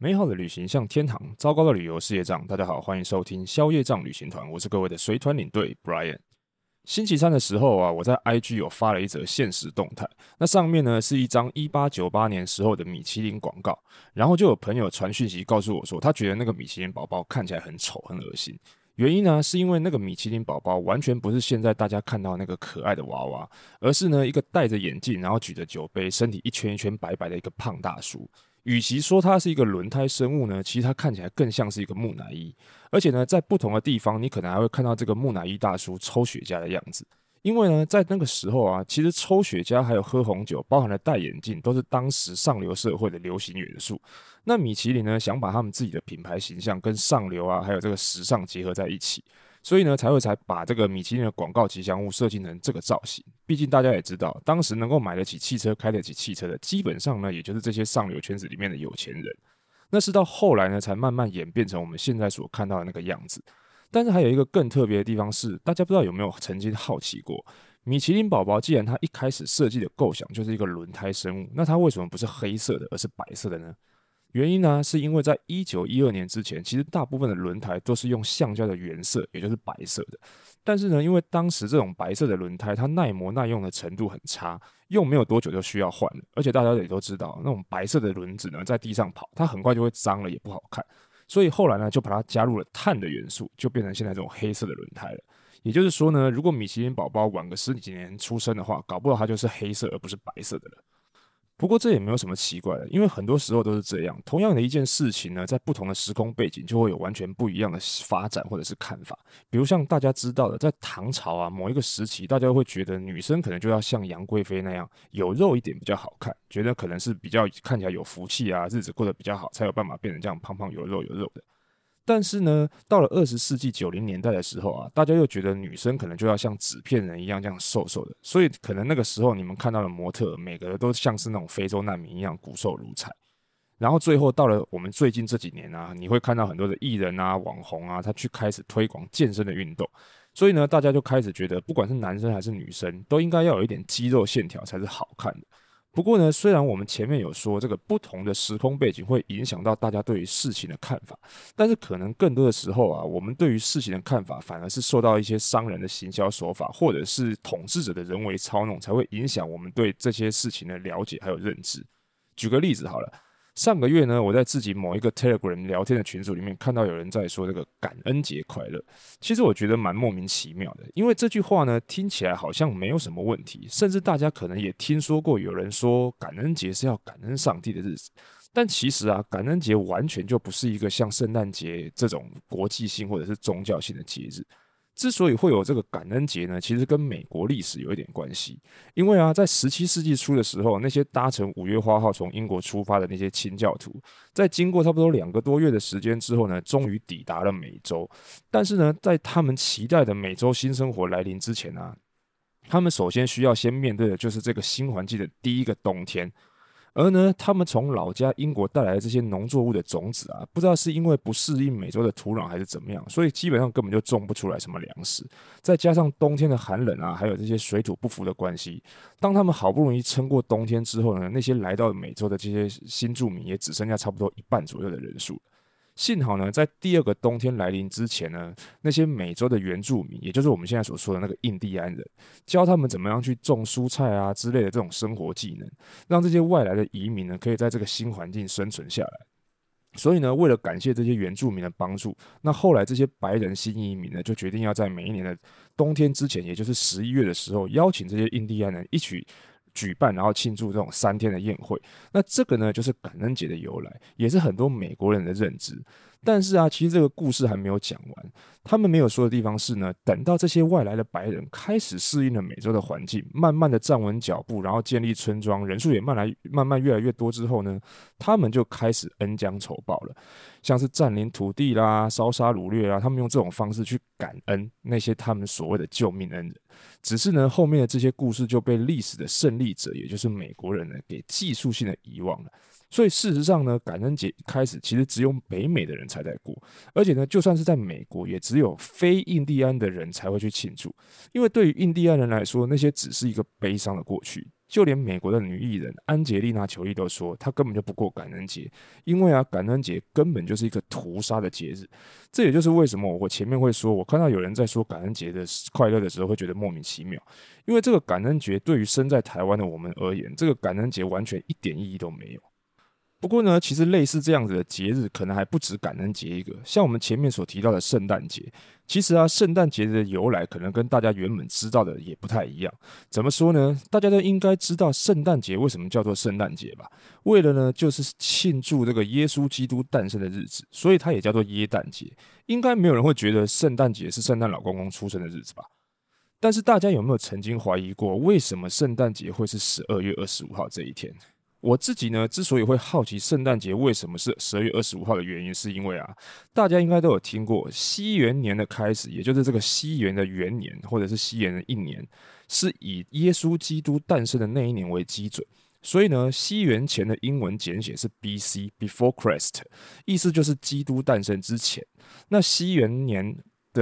美好的旅行像天堂，糟糕的旅遊是業障。大家好，歡迎收聽消業障旅行團，我是各位的隨團領隊 Brian。星期三的時候啊，我在 IG 有發了一則限時動態，那上面呢是一張一八九八年時候的米其林廣告，然後就有朋友傳訊息告訴我說，他覺得那個米其林寶寶看起來很醜很噁心，原因呢是因為那個米其林寶寶完全不是現在大家看到的那個可愛的娃娃，而是呢一個戴着眼鏡，然後舉着酒杯，身體一圈一圈白白的一個胖大叔。與其說它是一個輪胎生物呢，其實它看起來更像是一個木乃伊。而且呢，在不同的地方，你可能還會看到這個木乃伊大叔抽雪茄的樣子。因為呢，在那個時候啊，其實抽雪茄還有喝紅酒，包含了戴眼鏡，都是當時上流社會的流行元素。那米其林呢，想把他們自己的品牌形象跟上流啊，還有這個時尚結合在一起。所以呢，才會才把這個米其林的廣告吉祥物設計成這個造型。畢竟大家也知道，當時能夠買得起汽車、開得起汽車的，基本上呢，也就是這些上流圈子裡面的有錢人。那是到後來呢，才慢慢演變成我們現在所看到的那個樣子。但是還有一個更特別的地方是，大家不知道有沒有曾經好奇過，米其林寶寶既然他一開始設計的構想就是一個輪胎生物，那他為什麼不是黑色的，而是白色的呢？原因呢，是因為在一九一二年之前，其實大部分的輪胎都是用橡膠的原色，也就是白色的。但是呢，因為當時這種白色的輪胎，它耐磨耐用的程度很差，用沒有多久就需要換了。而且大家也都知道，那種白色的輪子呢，在地上跑，它很快就會髒了，也不好看。所以後來呢，就把它加入了碳的元素，就變成現在這種黑色的輪胎了。也就是說呢，如果米其林寶寶晚個十幾年出生的話，搞不好它就是黑色而不是白色的了。不過這也沒有什麼奇怪的，因為很多時候都是這樣。同樣的一件事情呢，在不同的時空背景，就會有完全不一樣的發展或者是看法。比如像大家知道的，在唐朝啊，某一個時期，大家會覺得女生可能就要像楊貴妃那樣有肉一點比較好看，覺得可能是比較看起來有福氣啊，日子過得比較好，才有辦法變成這樣胖胖有肉有肉的。但是呢，到了二十世紀九零年代的時候啊，大家又覺得女生可能就要像紙片人一樣這樣瘦瘦的，所以可能那個時候你們看到的模特，每個人都像是那種非洲難民一樣骨瘦如柴。然後最後到了我們最近這幾年啊，你會看到很多的藝人啊、網紅啊，他去開始推廣健身的運動，所以呢，大家就開始覺得，不管是男生還是女生，都應該要有一點肌肉線條才是好看的。不過呢，雖然我們前面有說這個不同的時空背景會影響到大家對於事情的看法，但是可能更多的時候啊，我們對於事情的看法反而是受到一些商人的行銷手法，或者是統治者的人為操弄，才會影響我們對這些事情的了解還有認知。舉個例子好了。上個月呢，我在自己某一個 Telegram 聊天的群組裡面看到有人在說這個感恩節快樂。其實我覺得蠻莫名其妙的，因為這句話呢，聽起來好像沒有什麼問題，甚至大家可能也聽說過有人說感恩節是要感恩上帝的日子。但其實啊，感恩節完全就不是一個像聖誕節這種國際性或者是宗教性的節日。之所以會有這個感恩節呢，其實跟美國歷史有一點關係。因為啊，在十七世紀初的時候，那些搭乘五月花號從英國出發的那些清教徒，在經過差不多兩個多月的時間之後呢，終於抵達了美洲。但是呢，在他們期待的美洲新生活來臨之前啊，他們首先需要先面對的就是這個新環境的第一個冬天。而呢，他們從老家英國帶來的這些農作物的種子啊，不知道是因為不適應美洲的土壤還是怎麼樣，所以基本上根本就種不出來什麼糧食。再加上冬天的寒冷啊，還有這些水土不服的關係，當他們好不容易撐過冬天之後呢，那些來到美洲的這些新住民也只剩下差不多一半左右的人數。幸好呢，在第二個冬天來臨之前呢，那些美洲的原住民，也就是我們現在所說的那個印第安人，教他們怎麼樣去種蔬菜啊之類的這種生活技能，讓這些外來的移民呢，可以在這個新環境生存下來。所以呢，為了感謝這些原住民的幫助，那後來這些白人新移民呢，就決定要在每一年的冬天之前，也就是十一月的時候，邀請這些印第安人一起。舉辦，然後慶祝這種三天的宴會。那這個呢，就是感恩節的由來，也是很多美國人的認知。但是啊，其實這個故事還沒有講完。他們沒有說的地方是呢，等到這些外來的白人開始適應了美洲的環境，慢慢的站穩腳步，然後建立村莊，人數也慢慢慢慢越來越多之後呢，他們就開始恩將仇報了，像是占領土地啦、燒殺擄掠啦，他們用這種方式去感恩那些他們所謂的救命恩人。只是呢，後面的這些故事就被歷史的勝利者，也就是美國人呢，給技術性的遺忘了。所以事實上呢，感恩節開始其實只有北美的人才在過，而且呢，就算是在美國，也只有非印第安的人才會去慶祝。因為對於印第安人來說，那些只是一個悲傷的過去。就連美國的女藝人安潔莉娜·裘莉都說，她根本就不過感恩節，因為啊，感恩節根本就是一個屠殺的節日。這也就是為什麼我前面會說，我看到有人在說感恩節的快樂的時候，會覺得莫名其妙。因為這個感恩節對於身在台灣的我們而言，這個感恩節完全一點意義都沒有。不過呢，其實類似這樣子的節日，可能還不止感恩節一個。像我們前面所提到的聖誕節，其實啊，聖誕節的由來，可能跟大家原本知道的也不太一樣。怎麼說呢？大家都應該知道聖誕節為什麼叫做聖誕節吧？為了呢，就是慶祝這個耶穌基督誕生的日子，所以它也叫做耶誕節。應該沒有人會覺得聖誕節是聖誕老公公出生的日子吧？但是大家有沒有曾經懷疑過，為什麼聖誕節會是十二月二十五號這一天？我自己呢，之所以會好奇聖誕節為什麼是十二月二十五號的原因，是因為啊，大家應該都有聽過西元年的開始，也就是這個西元的元年或者是西元的一年，是以耶穌基督誕生的那一年為基準，所以呢，西元前的英文簡寫是 BC，Before Christ，意思就是基督誕生之前。那西元年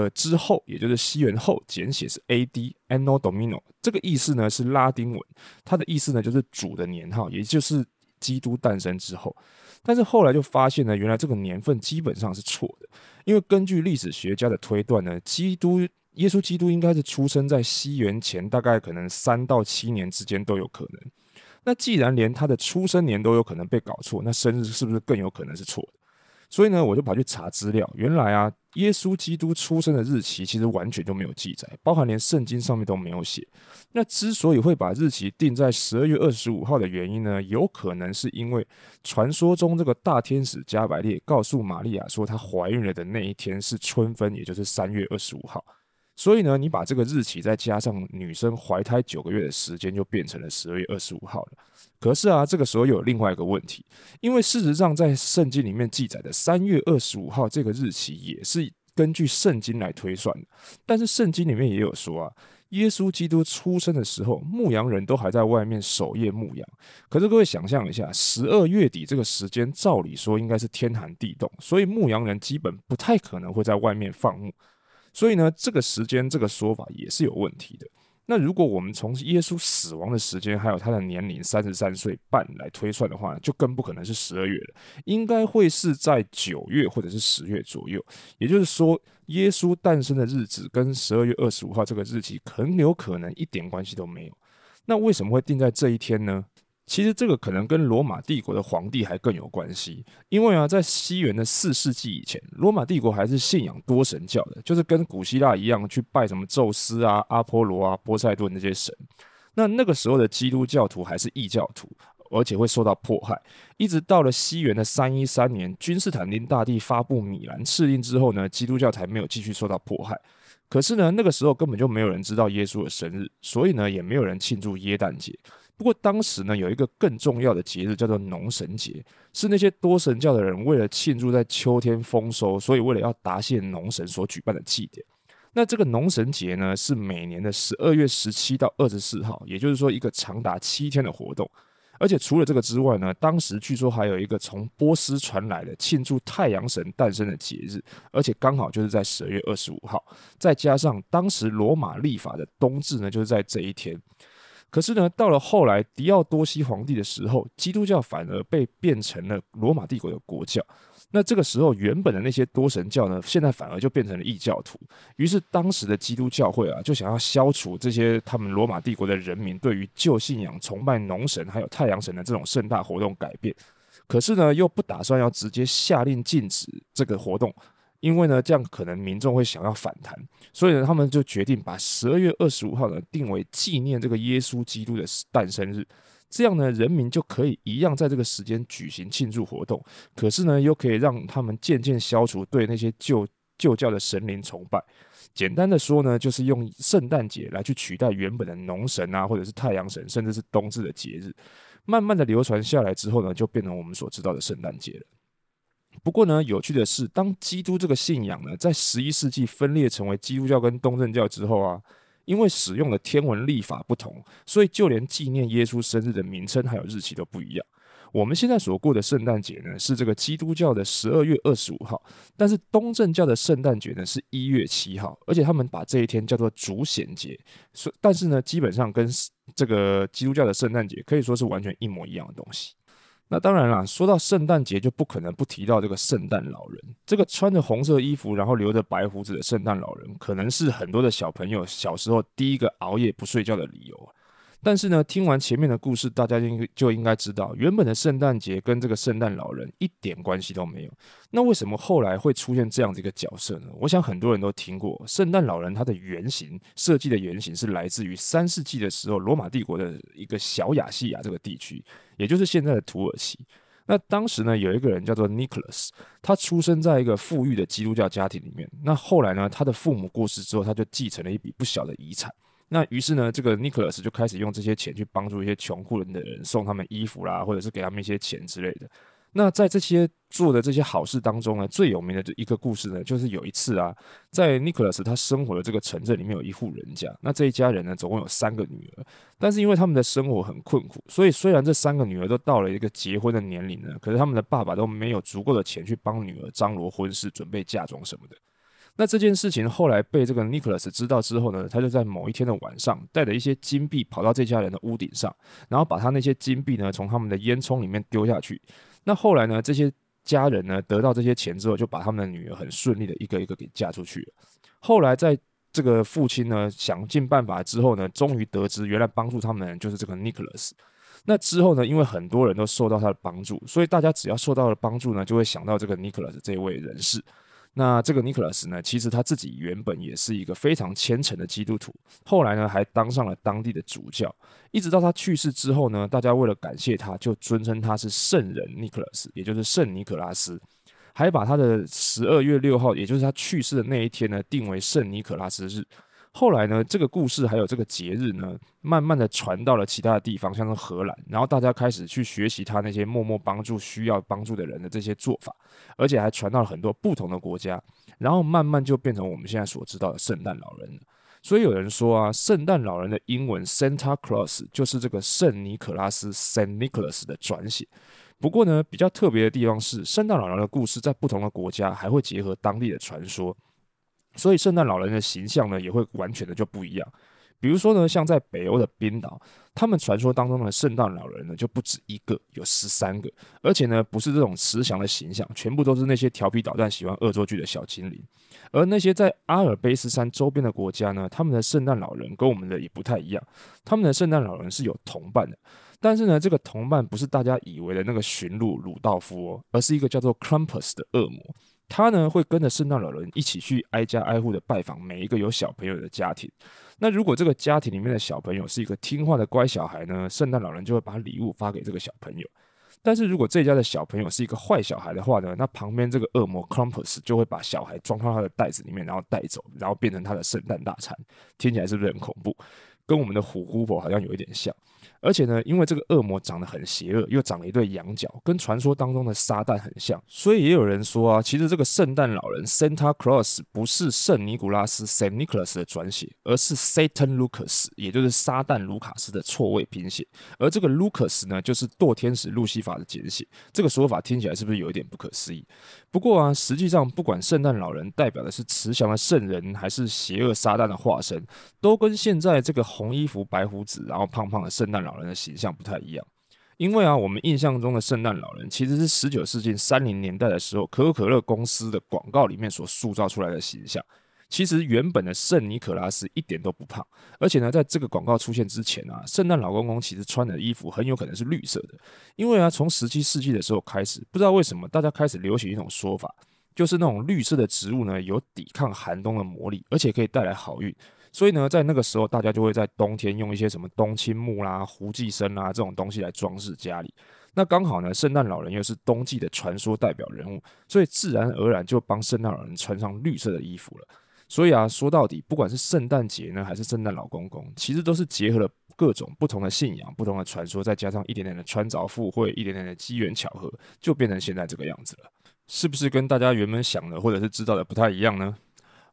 的之後，也就是西元後，簡寫是 A.D. Anno Domino，這個意思呢是拉丁文，它的意思呢就是主的年號，也就是基督誕生之後。但是後來就發現呢，原來這個年份基本上是錯的，因為根據歷史學家的推斷呢，基督耶穌基督應該是出生在西元前，大概可能三到七年之間都有可能。那既然連他的出生年都有可能被搞錯，那生日是不是更有可能是錯的？所以呢，我就跑去查資料。原來啊，耶穌基督出生的日期其實完全都沒有記載，包含連聖經上面都沒有寫。那之所以會把日期定在十二月二十五號的原因呢，有可能是因為傳說中這個大天使加百列告訴瑪利亞說她懷孕了的那一天是春分，也就是三月二十五號。所以呢，你把這個日期再加上女生懷胎九個月的時間，就變成了十二月二十五號了。可是啊，這個時候又有另外一個問題，因為事實上在聖經裡面記載的三月二十五號這個日期也是根據聖經來推算的。但是聖經裡面也有說啊，耶穌基督出生的時候，牧羊人都還在外面守夜牧羊。可是各位想象一下，十二月底這個時間，照理說應該是天寒地凍，所以牧羊人基本不太可能會在外面放牧。所以呢，這個時間這個說法也是有問題的。那如果我們從耶穌死亡的時間，還有他的年齡三十三歲半來推算的話，就更不可能是十二月了，應該會是在九月或者是十月左右。也就是說，耶穌誕生的日子跟十二月二十五號這個日期很有可能一點關係都沒有。那為什麼會定在這一天呢？其實這個可能跟羅馬帝國的皇帝還更有關係，因為啊，在西元的四世紀以前，羅馬帝國還是信仰多神教的，就是跟古希臘一樣去拜什麼宙斯啊、阿波羅啊、波塞頓那些神。那那個時候的基督教徒還是異教徒，而且會受到迫害。一直到了西元的三一三年，君士坦丁大帝發布米蘭敕令之後呢，基督教才沒有繼續受到迫害。可是呢，那個時候根本就沒有人知道耶穌的生日，所以呢，也沒有人慶祝耶誕節。不過當時呢，有一個更重要的節日叫做農神節，是那些多神教的人為了慶祝在秋天豐收，所以為了要答謝農神所舉辦的祭典。那這個農神節呢，是每年的十二月十七到二十四號，也就是說一個長達七天的活動。而且除了這個之外呢，當時據說還有一個從波斯傳來的慶祝太陽神誕生的節日，而且剛好就是在十二月二十五號。再加上當時羅馬曆法的冬至呢，就是在這一天。可是呢，到了後來，狄奧多西皇帝的時候，基督教反而被變成了羅馬帝國的國教。那這個時候，原本的那些多神教呢，現在反而就變成了異教徒。於是，當時的基督教會啊，就想要消除這些他們羅馬帝國的人民對於舊信仰、崇拜農神還有太陽神的這種盛大活動改變。可是呢，又不打算要直接下令禁止這個活動。因為呢，這樣可能民眾會想要反彈，所以呢，他們就決定把十二月二十五號呢定為紀念這個耶穌基督的誕生日，這樣呢，人民就可以一樣在這個時間舉行慶祝活動。可是呢，又可以讓他們漸漸消除對那些舊舊教的神靈崇拜。簡單的說呢，就是用聖誕節來去取代原本的農神啊，或者是太陽神，甚至是冬至的節日。慢慢的流傳下來之後呢，就變成我們所知道的聖誕節了。不過呢，有趣的是，當基督這個信仰呢，在十一世紀分裂成為基督教跟東正教之後啊，因為使用的天文曆法不同，所以就連紀念耶穌生日的名稱還有日期都不一樣。我們現在所過的聖誕節呢，是這個基督教的十二月二十五號，但是東正教的聖誕節呢是一月七號，而且他們把這一天叫做主顯節。所但是呢，基本上跟這個基督教的聖誕節可以說是完全一模一樣的東西。那當然啦，說到聖誕節，就不可能不提到這個聖誕老人。這個穿着紅色衣服，然後留着白鬍子的聖誕老人，可能是很多的小朋友小時候第一個熬夜不睡覺的理由。但是呢，聽完前面的故事，大家應就應該知道，原本的聖誕節跟這個聖誕老人一點關係都沒有。那為什麼後來會出現這樣的一個角色呢？我想很多人都聽過，聖誕老人他的原型設計的原型是來自於三世紀的時候，羅馬帝國的一個小亞細亞這個地區，也就是現在的土耳其。那當時呢，有一個人叫做 Nicholas，他出生在一個富裕的基督教家庭裡面。那後來呢，他的父母過世之後，他就繼承了一筆不小的遺產。那於是呢，這個 Nicholas 就開始用這些錢去幫助一些窮苦人的人，送他們衣服啦，或者是給他們一些錢之類的。那在這些做的這些好事當中呢，最有名的一個故事呢，就是有一次啊，在 Nicholas 他生活的這個城鎮裡面，有一戶人家。那這一家人呢，總共有三個女兒，但是因為他們的生活很困苦，所以雖然這三個女兒都到了一個結婚的年齡呢，可是他們的爸爸都沒有足夠的錢去幫女兒張羅婚事、準備嫁妝什麼的。那這件事情後來被這個 Nicholas 知道之後呢，他就在某一天的晚上，帶着一些金幣跑到這家人的屋頂上，然後把他那些金幣呢從他們的煙囪裡面丟下去。那後來呢，這些家人呢得到這些錢之後，就把他們的女兒很順利的一個一個給嫁出去了。後來在這個父親呢想盡辦法之後呢，終於得知原來幫助他們的就是這個 Nicholas。那之後呢，因為很多人都受到他的幫助，所以大家只要受到了幫助呢，就會想到這個 Nicholas 這位人士。那這個尼可拉斯呢，其實他自己原本也是一個非常虔誠的基督徒，後來呢還當上了當地的主教，一直到他去世之後呢，大家為了感謝他，就尊稱他是聖人尼可拉斯，也就是聖尼可拉斯，還把他的十二月六號，也就是他去世的那一天呢，定為聖尼可拉斯日。後來呢，這個故事還有這個節日呢，慢慢的傳到了其他的地方，像是荷蘭，然後大家開始去學習他那些默默幫助需要幫助的人的這些做法，而且還傳到了很多不同的國家，然後慢慢就變成我們現在所知道的聖誕老人了。所以有人說啊，聖誕老人的英文 Santa Claus 就是這個聖尼可拉斯 Saint Nicholas 的轉寫。不過呢，比較特別的地方是，聖誕老人的故事在不同的國家還會結合當地的傳說。所以，聖誕老人的形象呢，也會完全的就不一樣。比如說呢，像在北歐的冰島，他們傳說當中的聖誕老人呢，就不止一個，有十三個，而且呢，不是這種慈祥的形象，全部都是那些調皮搗蛋、喜歡惡作劇的小精靈。而那些在阿爾卑斯山周邊的國家呢，他們的聖誕老人跟我們的也不太一樣，他們的聖誕老人是有同伴的，但是呢，這個同伴不是大家以為的那個馴鹿魯道夫哦，而是一個叫做 Krampus 的惡魔。他呢，會跟着聖誕老人一起去挨家挨戶的拜訪每一個有小朋友的家庭。那如果這個家庭裡面的小朋友是一個聽話的乖小孩呢，聖誕老人就會把禮物發給這個小朋友。但是如果這家的小朋友是一個壞小孩的話呢，那旁邊這個惡魔 Krampus 就會把小孩裝到他的袋子裡面，然後帶走，然後變成他的聖誕大餐。聽起來是不是很恐怖？跟我們的虎姑婆好像有一點像。而且呢，因為這個惡魔長得很邪惡，又長了一對羊角，跟傳說當中的撒旦很像，所以也有人說啊，其實這個聖誕老人 Santa Claus 不是聖尼古拉斯 Saint Nicholas 的轉寫，而是 Satan Lucas，也就是撒旦盧卡斯的錯位拼寫。而這個 Lucas 呢，就是墮天使路西法的簡寫。這個說法聽起來是不是有一點不可思議？不過啊，實際上不管聖誕老人代表的是慈祥的聖人，還是邪惡撒旦的化身，都跟現在這個紅衣服、白鬍子，然後胖胖的聖誕老。老人的形象不太一樣，因為啊，我們印象中的聖誕老人其實是十九世紀三零年代的時候，可口可樂公司的廣告裡面所塑造出來的形象。其實原本的聖尼可拉斯一點都不胖，而且呢，在這個廣告出現之前啊，聖誕老公公其實穿的衣服很有可能是綠色的，因為啊，從十七世紀的時候開始，不知道為什麼大家開始流行一種說法，就是那種綠色的植物呢，有抵抗寒冬的魔力，而且可以帶來好運。所以呢，在那個時候，大家就會在冬天用一些什麼冬青木啦、啊、槲寄生啦、啊、這種東西來裝飾家裡。那剛好呢，聖誕老人又是冬季的傳說代表人物，所以自然而然就幫聖誕老人穿上綠色的衣服了。所以啊，說到底，不管是聖誕節呢，還是聖誕老公公，其實都是結合了各種不同的信仰、不同的傳說，再加上一點點的穿鑿附會、或者一點點的機緣巧合，就變成現在這個樣子了。是不是跟大家原本想的或者是知道的不太一樣呢？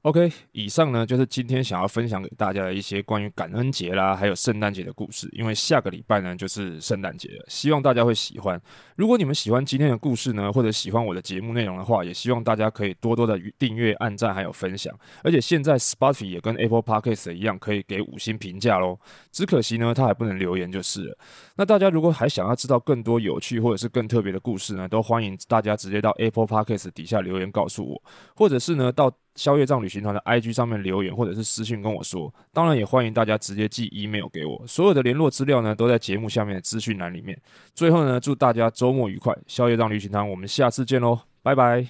OK，以上呢就是今天想要分享給大家的一些關於感恩節啦，還有聖誕節的故事。因為下個禮拜呢就是聖誕節了，希望大家會喜歡。如果你們喜歡今天的故事呢，或者喜歡我的節目內容的話，也希望大家可以多多的訂閱、按讚還有分享。而且現在 Spotify 也跟 Apple Podcasts 一樣，可以給五星評價咯。只可惜呢，它還不能留言就是了。那大家如果還想要知道更多有趣或者是更特別的故事呢，都歡迎大家直接到 Apple Podcasts 底下留言告訴我，或者是呢到消業障旅行團的 IG 上面留言，或者是私訊跟我說，當然也歡迎大家直接寄 email 給我，所有的聯絡資料呢都在節目下面的資訊欄裡面。最後呢，祝大家週末愉快，消業障旅行團，我們下次見嘍，拜拜。